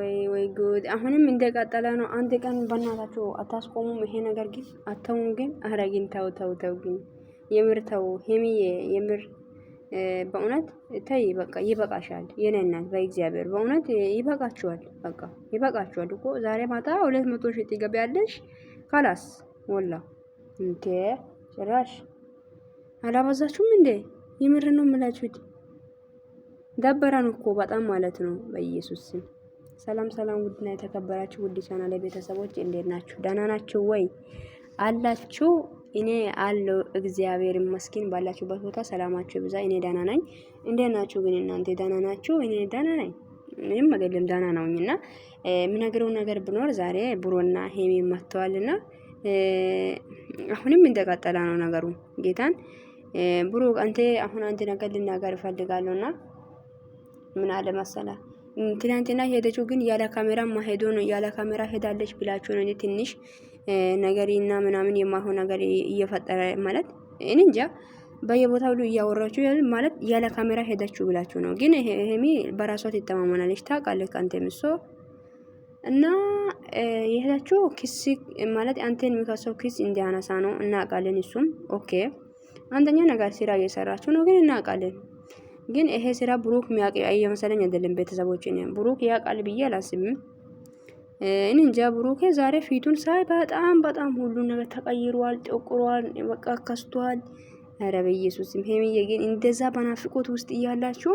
ወይ ወይ ጉድ! አሁንም እንደቀጠለ ነው። አንድ ቀን በእናታችሁ አታስቆሙም? ይሄ ነገር ግን አተውን ግን አረግን። ተው ተው ተው ግን የምር ተው ሄሚዬ፣ የምር በእውነት ተይ፣ በቃ ይበቃሻል። የኔ እናት በእግዚአብሔር በእውነት ይበቃችኋል። በቃ ይበቃችኋል እኮ ዛሬ ማታ ሁለት መቶ ሺህ ትገቢያለሽ። ካላስ ወላ እንቴ ጭራሽ አላበዛችሁም እንዴ? የምር ነው የምላችሁት። ደበረን እኮ በጣም ማለት ነው በኢየሱስ ስም ሰላም ሰላም፣ ውድና የተከበራችሁ ውድ ቻናል ቤተሰቦች እንዴት ናችሁ? ደህና ናችሁ ወይ አላችሁ? እኔ አለው እግዚአብሔር ይመስገን። ባላችሁበት ቦታ ሰላማችሁ ብዛ። እኔ ደህና ነኝ። እንዴት ናችሁ ግን እናንተ ደህና ናችሁ? እኔ ደህና ነኝ። ምንም አይደለም፣ ደህና እና የምነግረው ነገር ብኖር ዛሬ ብሮና ሄሜ ሄሚ እና አሁንም እንደቀጠለ ነው ነገሩ። ጌታን ብሮ፣ አንተ አሁን አንድ ነገር ልናገር እፈልጋለሁና ምን አለ መሰለህ ትናንትና ሄደችው ግን ያለ ካሜራ ማሄዶ ነው። ያለ ካሜራ ሄዳለች ብላችሁ ነው ትንሽ ነገሪና ምናምን የማይሆን ነገር እየፈጠረ ማለት እኔ እንጃ። በየቦታው ሁሉ እያወራችሁ ማለት ያለ ካሜራ ሄዳችሁ ብላችሁ ነው። ግን ሄሚ በራሷ ትተማመናለች ታውቃለች። ከአንተም ምሶ እና የሄዳችሁ ክስ ማለት አንተን የሚከሰው ክስ እንዲያነሳ ነው እናውቃለን። እሱም ኦኬ አንደኛ ነገር ስራ እየሰራችሁ ነው ግን እናውቃለን ግን ይሄ ስራ ብሩክ ሚያውቅ እየመሰለኝ አይደለም። ቤተሰቦች ብሩክ ያቃል ብዬ አላስብም። እኔ እንጃ ዛሬ ፊቱን ሳይ በጣም በጣም ሁሉ ነገር ተቀይሯል፣ ጠቁሯል፣ በቃ ከስቷል። ኧረ በኢየሱስም ሄሚዬ ግን እንደዛ በናፍቆት ውስጥ እያላችሁ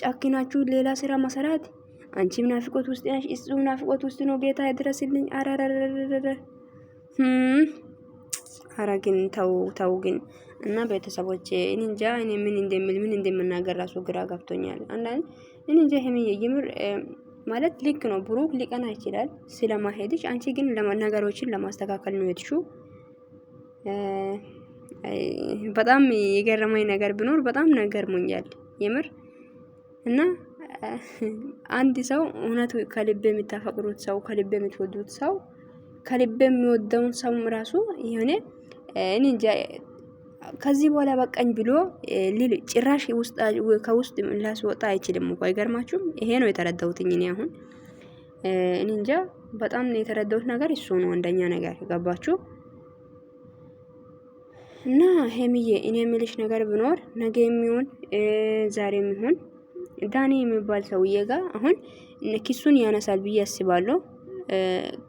ጫኪናችሁ ሌላ ስራ መሰራት አንቺ ናፍቆት ውስጥ ነሽ፣ እሱ ናፍቆት ውስጥ ነው። ጌታ ይድረስልኝ። አረረረረረ ኧረ ግን ተው ተው ግን እና ቤተሰቦቼ እንጃ እኔ ምን እንደምል ምን እንደምናገር ራሱ ግራ ገብቶኛል። አንዳንድ እኔ እንጃ ሄምዬ የምር ማለት ልክ ነው ብሩክ ሊቀና ይችላል ስለማሄድሽ፣ አንቺ ግን ነገሮችን ለማስተካከል ነው የሄድሽው። በጣም የገረመኝ ነገር ቢኖር በጣም ነገር ሞኛል የምር እና አንድ ሰው እውነት ከልብ የምታፈቅሩት ሰው ከልብ የምትወዱት ሰው ከልብ የሚወደውን ሰው ራሱ የሆነ እኔ እንጃ ከዚህ በኋላ በቃኝ ብሎ ሊል ጭራሽ ከውስጥ ላስወጣ አይችልም እኮ አይገርማችሁም? ይሄ ነው የተረዳሁትኝ እኔ አሁን እኔ እንጃ በጣም የተረዳሁት ነገር እሱ ነው። አንደኛ ነገር ገባችሁ እና ሄምዬ እኔ የምልሽ ነገር ብኖር ነገ የሚሆን ዛሬ የሚሆን ዳኔ የሚባል ሰውዬ ጋር አሁን ኪሱን ያነሳል ብዬ አስባለሁ።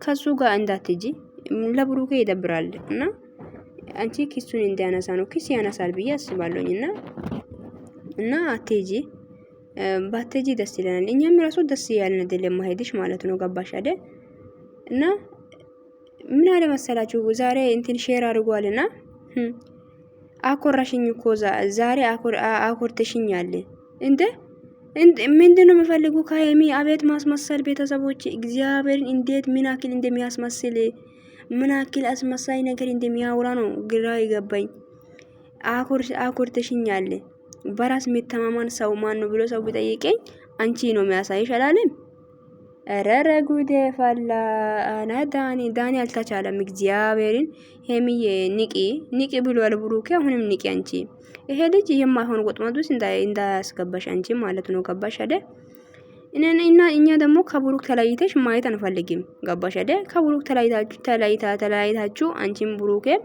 ከሱ ጋር እንዳትጂ ለብሩኬ ይደብራል እና አንቺ ኪሱን እንዲያነሳ ነው። ኪስ ያነሳል ብዬ አስባለሁኝ እና እና አቴጂ ባቴጂ ደስ ይለናል። እኛም ራሱ ደስ ያለን አይደለም ለማሄድሽ ማለት ነው። ገባሽ አይደል? እና ምን አለ መሰላችሁ ዛሬ እንትን ሼር እና አኮራሽኝ እኮ ዛሬ አኮርተሽኛል። እንደ ምንድን ነው የምፈልጉ ከሀይሚ አቤት ማስመሰል ቤተሰቦች እግዚአብሔርን እንዴት ምን አክል እንደሚያስመስል ምን አክል አስመሳይ ነገር እንደሚያወራ ነው ግራ ይገባኝ። አኩር አኩር ተሽኛለ በራስ የሚተማመን ሰው ማን ነው ብሎ ሰው ቢጠይቀኝ አንቺ ነው የሚያሳይሽ አላለም። ረረ ጉዴ ፈላ። አና ዳኒ ዳኒ አልተቻለም። እግዚአብሔርን ሄሚዬ ንቂ ንቂ ብሎ ብሩኬ። አሁንም ንቂ አንቺ። ይሄ ልጅ የማይሆን ወጥመድ ውስጥ እንዳያስገባሽ አንቺ ማለት ነው። ገባሽ አይደል? እና እኛ ደግሞ ከቡሩክ ተለይተሽ ማየት አንፈልግም። ገባሽ አይደል? ከቡሩክ ተለይታችሁ ተለይታ ተለያይታችሁ አንቺም ቡሩክም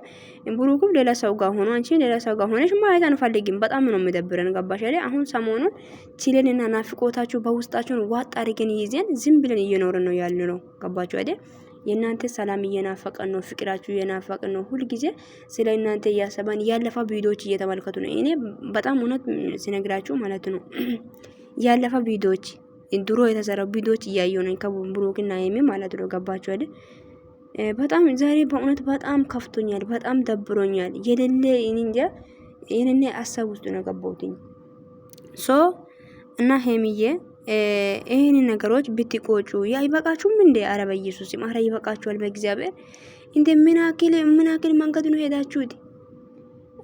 ቡሩክም ሌላ ሰው ጋር ሆኖ አንቺ ሌላ ሰው ጋር ሆነሽ ማየት አንፈልግም። በጣም ነው የሚደብረን። ገባሽ አይደል? አሁን ሰሞኑን እና ናፍቆታችሁ በውስጣችሁን ዋጥ አድርገን ይዘን ዝም ብለን እየኖርን ነው ያለ ነው። ገባችሁ አይደል? የእናንተ ሰላም እየናፈቀን ነው። ፍቅራችሁ እየናፈቀን ነው። ሁልጊዜ ስለ እናንተ እያሰባን ያለፈ ቪዲዮዎች እየተመልከቱ ነው። እኔ በጣም እውነት ሲነግራችሁ ማለት ነው ያለፈ ቪዲዮዎች ድሮ የተሰራው ቪዲዮዎች እያየሁ ነኝ ከብሩክና ሀይሚ ማለት ነው። ገባችሁ አይደል? በጣም ዛሬ በእውነት በጣም ከፍቶኛል፣ በጣም ደብሮኛል። የሌለ እንጃ ይህንን አሳብ ውስጥ ነው ገባሁትኝ ሶ እና ሄሚዬ ይህን ነገሮች ብትቆጩ አይበቃችሁም እንዴ? አረ በኢየሱስም አረ ይበቃችኋል። በእግዚአብሔር እንደ ምናክል ምናክል መንገድ ነው ሄዳችሁት።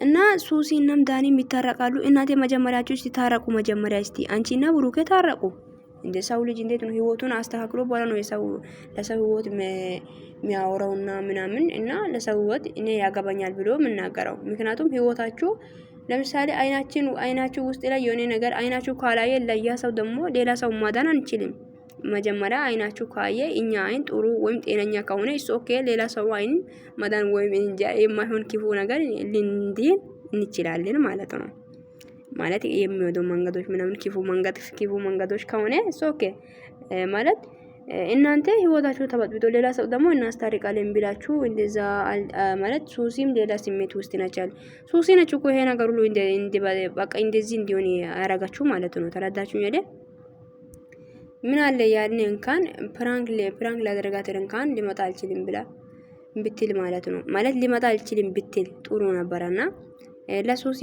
እና ሱሲ እናም ዳኒ ይታረቃሉ። እናቴ መጀመሪያችሁ እስቲ ታረቁ። መጀመሪያ እስቲ አንቺና ብሩኬ ታረቁ። እንደ ሰው ልጅ እንዴት ነው ህይወቱን አስተካክሎ በኋላ ነው የሰው ለሰው ህይወት የሚያወራውና ምናምን እና ለሰው ህይወት እኔ ያገባኛል ብሎ የምናገረው። ምክንያቱም ህይወታችሁ ለምሳሌ አይናችን አይናችሁ ውስጥ ላይ የሆነ ነገር አይናችሁ ካላየ ለያ ሰው ደግሞ ሌላ ሰው ማዳን አንችልም። መጀመሪያ አይናችሁ ካየ እኛ አይን ጥሩ ወይም ጤነኛ ከሆነ እሱ ኦኬ፣ ሌላ ሰው አይን ማዳን ወይም የማይሆን ክፉ ነገር ልንድን እንችላለን ማለት ነው። ማለት የሚወዱ መንገዶች ምናምን ክፉ መንገድ ክፉ መንገዶች ከሆነ ኦኬ ማለት እናንተ ህይወታችሁ ተበጥብጦ ሌላ ሰው ደግሞ እናስታርቃለን ቢላችሁ እንደዛ ማለት ሱሲም ሌላ ስሜት ውስጥ ናቻል። ሱሲ ነች እኮ ይሄ ነገር ሁሉ በቃ እንደዚህ እንዲሆን ያረጋችሁ ማለት ነው። ተረዳችሁ ያለ ምን አለ ያን እንኳን ፕራንክ ፕራንክ ላደረጋት እንኳን ሊመጣ አልችልም ብላ ብትል ማለት ነው ማለት ሊመጣ አልችልም ብትል ጥሩ ነበረና ለሱሲ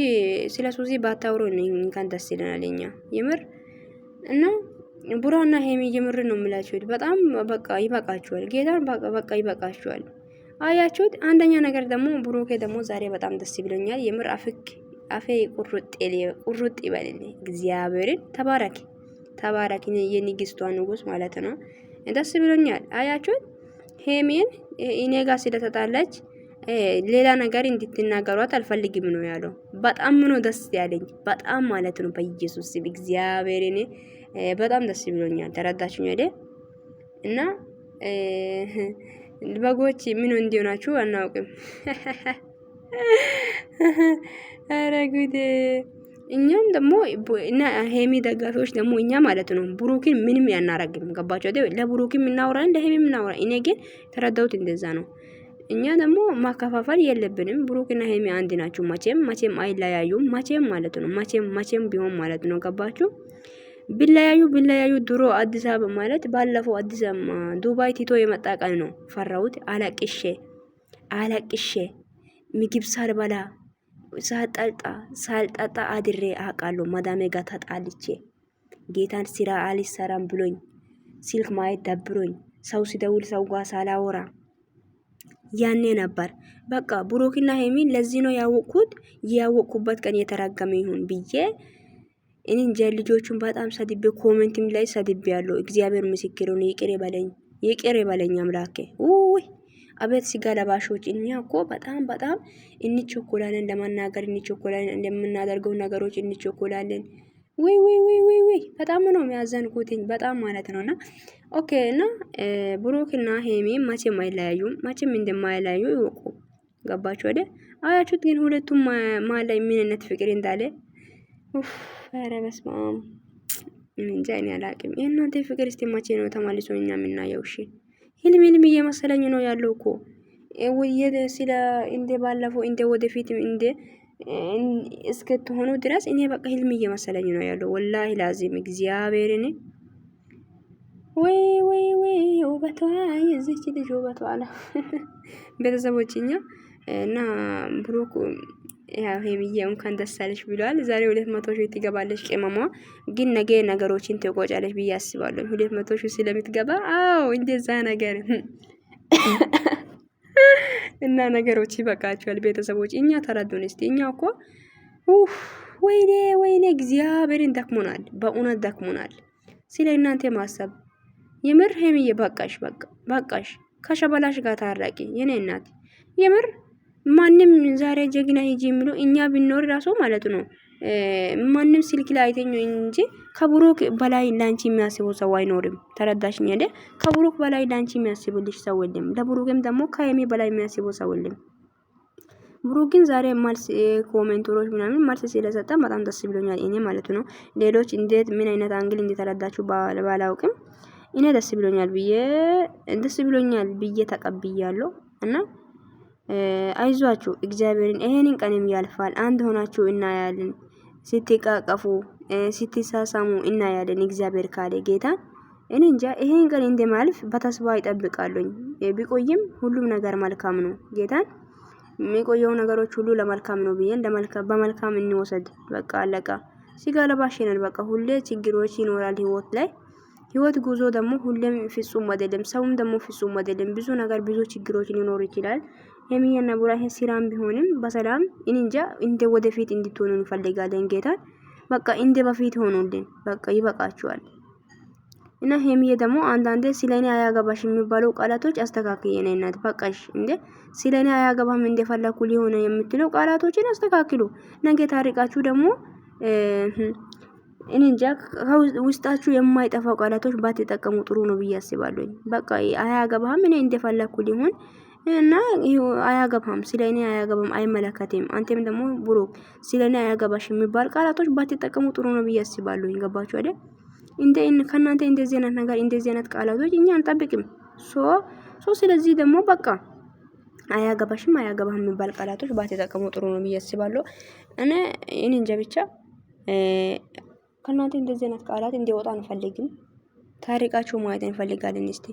ስለ ሱሲ ባታውሩ እንኳን ደስ ይለናል እኛ የምር እና ቡራና ሄሚ የምር ነው የምላችሁት። በጣም በቃ ይበቃችኋል፣ ጌታን በቃ ይበቃችኋል። አያችሁት። አንደኛ ነገር ደግሞ ብሩኬ ደግሞ ዛሬ በጣም ደስ ይብለኛል የምር አፍክ አፌ ቁርጥ ቁርጥ ይበልልኝ። እግዚአብሔርን ተባረክ ተባረክ፣ የንግስቷ ንጉስ ማለት ነው። ደስ ብሎኛል። አያችሁት ሄሜን እኔ ጋር ስለተጣላች ሌላ ነገር እንድትናገሯት አልፈልግም ነው ያለው። በጣም ነው ደስ ያለኝ፣ በጣም ማለት ነው በኢየሱስ እግዚአብሔር፣ እኔ በጣም ደስ ብሎኛል። ተረዳችኝ ወደ እና በጎች ምን እንዲሆናችሁ አናውቅም። ኧረ ጉዴ! እኛም ደግሞ ሄሚ ደጋፊዎች ደግሞ እኛ ማለት ነው ብሩክን ምንም ያናረግም። ገባቸው ለብሩክም እናውራ፣ እንደ ሄሚም እናውራ። እኔ ግን ተረዳሁት እንደዛ ነው። እኛ ደግሞ ማከፋፈል የለብንም። ብሩክና ሄሚ አንድ ናችሁ። መቼም መቼም አይለያዩም። መቼም ማለት ነው መቼም መቼም ቢሆን ማለት ነው። ገባችሁ? ቢለያዩ ቢለያዩ ድሮ አዲስ አበባ ማለት ባለፈው አዲስ አበባ ዱባይ ቲቶ የመጣ ቀን ነው ፈራሁት። አለቅሼ አለቅሼ ምግብ ሳልበላ ሳልጠጣ ሳልጠጣ አድሬ አውቃለሁ። ማዳሜ ጋር ተጣልቼ ጌታን ስራ አልሰራም ብሎኝ ስልክ ማየት ደብሮኝ ሰው ሲደውል ሰው ጋር ሳላወራ ያኔ ነበር በቃ ብሩክና ሄሚን ለዚህ ነው ያወቅኩት። ያወቅኩበት ቀን የተረገመ ይሁን ብዬ እኔ እንጃ ልጆቹን በጣም ሰድቤ ኮሜንትም ላይ ሰድቤ ያለው እግዚአብሔር ምስክር ነው። ይቅር ይበለኝ፣ ይቅር ይበለኝ ይቅር አምላኬ ውይ አቤት ስጋ ለባሾች! እኛ እኮ በጣም በጣም እንቸኮላለን ለማናገር እንቸኮላለን እንደምናደርገው ነገሮች እንቸኮላለን። ውይ ውይ ውይ ውይ ውይ በጣም ነው የሚያዘንኩትኝ በጣም ማለት ነው። እና ኦኬ እና ብሩክ እና ሄሜ መቼም አይለያዩም፣ መቼም እንደማይለያዩ ይወቁ። ገባችሁ ወደ አያችሁት። ግን ሁለቱም መሀል ማለ ምንነት ፍቅር እንዳለ ኧረ በስመ አብ እንጃ እኔ አላቅም። የእናንተ ፍቅር እስቲ መቼ ነው ተማልሶ እኛ የምናየው? እሺ ህልም ህልም እየመሰለኝ ነው ያለው እኮ ስለ እንደ ባለፈው እንደ ወደፊት እንደ እስከተሆኑ ድረስ እኔ በቃ ህልም እየመሰለኝ ነው ያለው። ወላሂ ላዚም እግዚአብሔርን ወይ ወይ ወይ ውበቷ የዚች ልጅ ውበቷ አለ ቤተሰቦች እና ብሩክ ሄምዬ እንኳን ደስ አለሽ ብሏል። ዛሬ ሁለት መቶ ሺህ ትገባለች። ቅመሟ ግን ነገ ነገሮችን ትቆጫለች ብዬ አስባለሁ። ሁለት መቶ ሺህ ስለምትገባ አዎ እንደዛ ነገር እና ነገሮች ይበቃቸዋል። ቤተሰቦች እኛ ተረዱን እስቲ። እኛ እኮ ወይኔ ወይኔ እግዚአብሔርን ደክሞናል፣ በእውነት ደክሞናል። ስለ እናንተ ማሰብ የምር ሄምዬ በቃሽ፣ በቃሽ። ከሸበላሽ ጋር ታራቂ የኔ እናት። የምር ማንም ዛሬ ጀግና ሂጂ የሚሉ እኛ ብንኖር ራሱ ማለት ነው ማንም ስልክ ላይ አይተኝ እንጂ ከብሩክ በላይ ላንቺ የሚያስቡ ሰው አይኖርም። ተረዳሽኝ አይደል? ከብሩክ በላይ ላንቺ የሚያስብልሽ ሰው የለም። ለብሩክም ደግሞ ከየሜ በላይ የሚያስቡ ሰው የለም። ብሩክ ግን ዛሬ ማልስ ኮሜንቶሮች ምናምን ማልስ ስለሰጠ በጣም ደስ ብሎኛል። እኔ ማለት ነው ሌሎች እንዴት ምን አይነት አንግል እንደተረዳችሁ ባላውቅም እኔ ደስ ብሎኛል ብዬ ደስ ብሎኛል ብዬ ተቀብያለሁ እና አይዟችሁ እግዚአብሔርን ይሄንን ቀንም ያልፋል። አንድ ሆናችሁ እናያለን። ስትቃቀፉ ስትሳሳሙ እናያለን። እግዚአብሔር ካለ ጌታ እኔ እንጃ ይሄን ቀን እንደማልፍ በተስፋ ይጠብቃሉኝ። ቢቆይም ሁሉም ነገር መልካም ነው። ጌታን የሚቆየው ነገሮች ሁሉ ለመልካም ነው ብዬ በመልካም እንወሰድ። በቃ አለቃ ስጋ በቃ ሁሌ ችግሮች ይኖራል ህይወት ላይ ህይወት ጉዞ ደግሞ ሁሌም ፍጹም አይደለም። ሰውም ደግሞ ፍጹም አይደለም። ብዙ ነገር ብዙ ችግሮች ሊኖሩ ይችላል። ሀይሚዬና ቡራዬ ስራም ቢሆንም በሰላም እንንጃ እንደ ወደፊት እንድትሆኑ እንፈልጋለን። ጌታን በቃ እንደ በፊት ሆኖልን በቃ ይበቃችኋል። እና ሀይሚዬ ደግሞ አንዳንዴ ስለኔ አያገባሽ የሚባለው ቃላቶች አስተካክይ ነኝ እናት በቃሽ እንዴ ስለኔ አያገባም እንደፈለኩ ሊሆነ የምትለው ቃላቶችን አስተካክሉ። ነገ ታሪቃችሁ ደግሞ እንጃ ውስጣችሁ የማይጠፋው ቃላቶች ባትጠቀሙ ጥሩ ነው ብዬ አስባለሁ። በቃ አያገባህም እኔ እንደፈለኩ ሊሆን እና አያገባም ስለኔ አያገባም አይመለከቴም፣ አንተም ደግሞ ብሩክ ስለኔ አያገባሽ የሚባል ቃላቶች ባትጠቀሙ ጥሩ ነው ብዬ አስባለሁ። ገባችሁ አይደል? እንደ ከእናንተ እንደዚህ አይነት ነገር እንደዚህ አይነት ቃላቶች እኛ አንጠብቅም። ሶ ሶ ስለዚህ ደግሞ በቃ አያገባሽም አያገባም የሚባል ቃላቶች ባትጠቀሙ ጥሩ ነው ብዬ አስባለሁ። እኔ እኔ እንጃ ብቻ ከእናንተ እንደዚህ አይነት ቃላት እንዲወጣ አንፈልግም። ታሪካችሁ ማየት እንፈልጋለን። እስቲ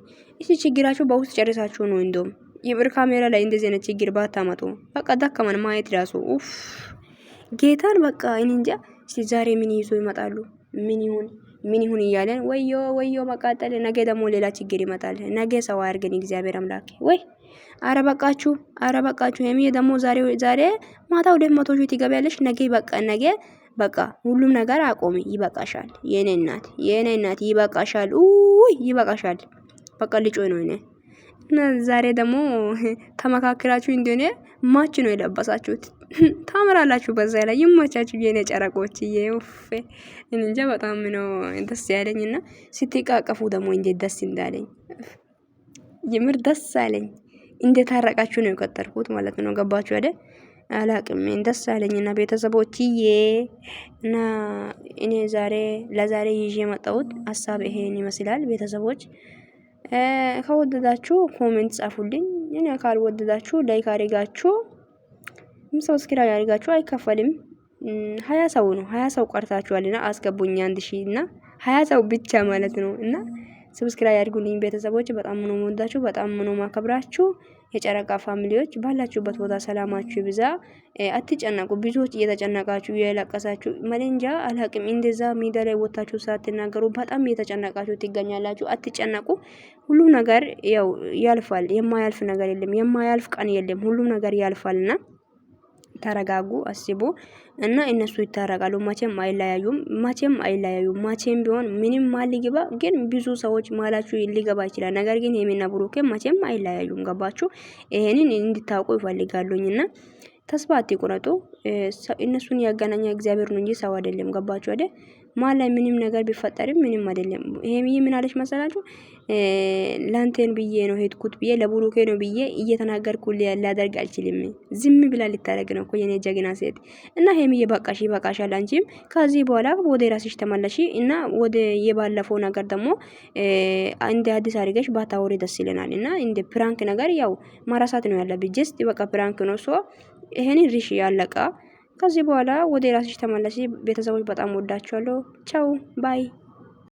እስቲ ችግራችሁ በውስጥ ጨርሳችሁ ነው እንደውም የብር ካሜራ ላይ እንደዚህ አይነት ችግር ባታመጡ በቃ ደከመን ማየት ራሱ ኡፍ ጌታን በቃ እኔ እንጃ። እስቲ ዛሬ ምን ይዞ ይመጣሉ? ምን ይሁን ምን ይሁን እያለን ወዮ ወዮ መቃጠል። ነገ ደግሞ ሌላ ችግር ይመጣል። ነገ ሰው አያርገን እግዚአብሔር አምላክ ወይ። አረ በቃችሁ፣ አረ በቃችሁ። የሚ ደግሞ ዛሬ ዛሬ ማታ ወደ መቶ ሺህ ትገቢያለሽ። ነገ በቃ ነገ በቃ ሁሉም ነገር አቆሚ። ይበቃሻል፣ የኔ እናት፣ የኔ እናት ይበቃሻል፣ ይበቃሻል። በቃ ልጮይ ነው እኔ ዛሬ ደግሞ ተመካክራችሁ እንደሆነ ማች ነው የለበሳችሁት። ታምራላችሁ። በዛ ላይ ይሞቻችሁ የኔ ጨረቆች። ይውፍ እንጃ በጣም ነው ደስ ያለኝ እና ስትቃቀፉ ደግሞ እንዴት ደስ እንዳለኝ የምር ደስ አለኝ። እንዴት ታረቃችሁ ነው የቀጠርኩት ማለት ነው። ገባችሁ አይደል? አላቅም ደስ አለኝና ቤተሰቦችዬ እና እኔ ዛሬ ለዛሬ ይዤ የመጣሁት ሀሳብ ይሄን ይመስላል ቤተሰቦች ከወደዳችሁ ኮሜንት ጻፉልኝ። እኔ ካልወደዳችሁ ላይክ አድርጋችሁ ሰብስክራይብ አድርጋችሁ አይከፈልም። ሀያ ሰው ነው ሀያ ሰው ቀርታችኋልና አስገቡኝ አንድ ሺ እና ሀያ ሰው ብቻ ማለት ነው እና ሰብስክራይብ አድርጉልኝ ቤተሰቦች። በጣም ነው የምወዳችሁ፣ በጣም ነው ማከብራችሁ። የጨረቃ ፋሚሊዎች ባላችሁበት ቦታ ሰላማችሁ ይብዛ፣ አትጨነቁ። ብዙዎች እየተጨነቃችሁ እየለቀሳችሁ መለንጃ አላቅም። እንደዛ ሜዳ ላይ ወታችሁ ሳትናገሩ በጣም እየተጨነቃችሁ ትገኛላችሁ። አትጨነቁ። ሁሉም ነገር ያው ያልፋል። የማያልፍ ነገር የለም። የማያልፍ ቀን የለም። ሁሉም ነገር ያልፋልና ተረጋጉ፣ አስቡ እና እነሱ ይታረቃሉ። መቼም አይለያዩም፣ መቼም አይለያዩም። መቼም ቢሆን ምንም ማል ይግባ፣ ግን ብዙ ሰዎች ማላችሁ ሊገባ ይችላል። ነገር ግን ሀይሚና ብሩኬ መቼም አይለያዩም። ገባችሁ? ይሄንን እንድታውቁ ይፈልጋሉኝና ተስፋ አትቁረጡ። እነሱን ያገናኘ እግዚአብሔር ነው እንጂ ሰው አይደለም። ገባችሁ አይደል? ማን ላይ ምንም ነገር ቢፈጠርም ምንም አይደለም። ይሄ ምን አለች መሰላችሁ? ላንቴን ብዬ ነው ሄድኩት ብዬ ለቡሩኬ ነው ብዬ እየተናገርኩ ላደርግ አልችልም። ዝም ብላ ልታደርግ ነው እኮ የኔ ጀግና ሴት። እና ሄምዬ በቃሽ ይበቃሻል። አንቺም ከዚህ በኋላ ወደ ራስሽ ተመለሺ እና ወደ የባለፈው ነገር ደግሞ እንደ አዲስ አድርገሽ ባታወሪ ደስ ይለናል። እና እንደ ፕራንክ ነገር ያው ማራሳት ነው ያለብኝ። ጀስት በቃ ፕራንክ ነው ሶ ይሄን ሪሽ ያለቃ ከዚህ በኋላ ወደ ራስሽ ተመለሲ ቤተሰቦች በጣም ወዳችኋለሁ። ቻው ባይ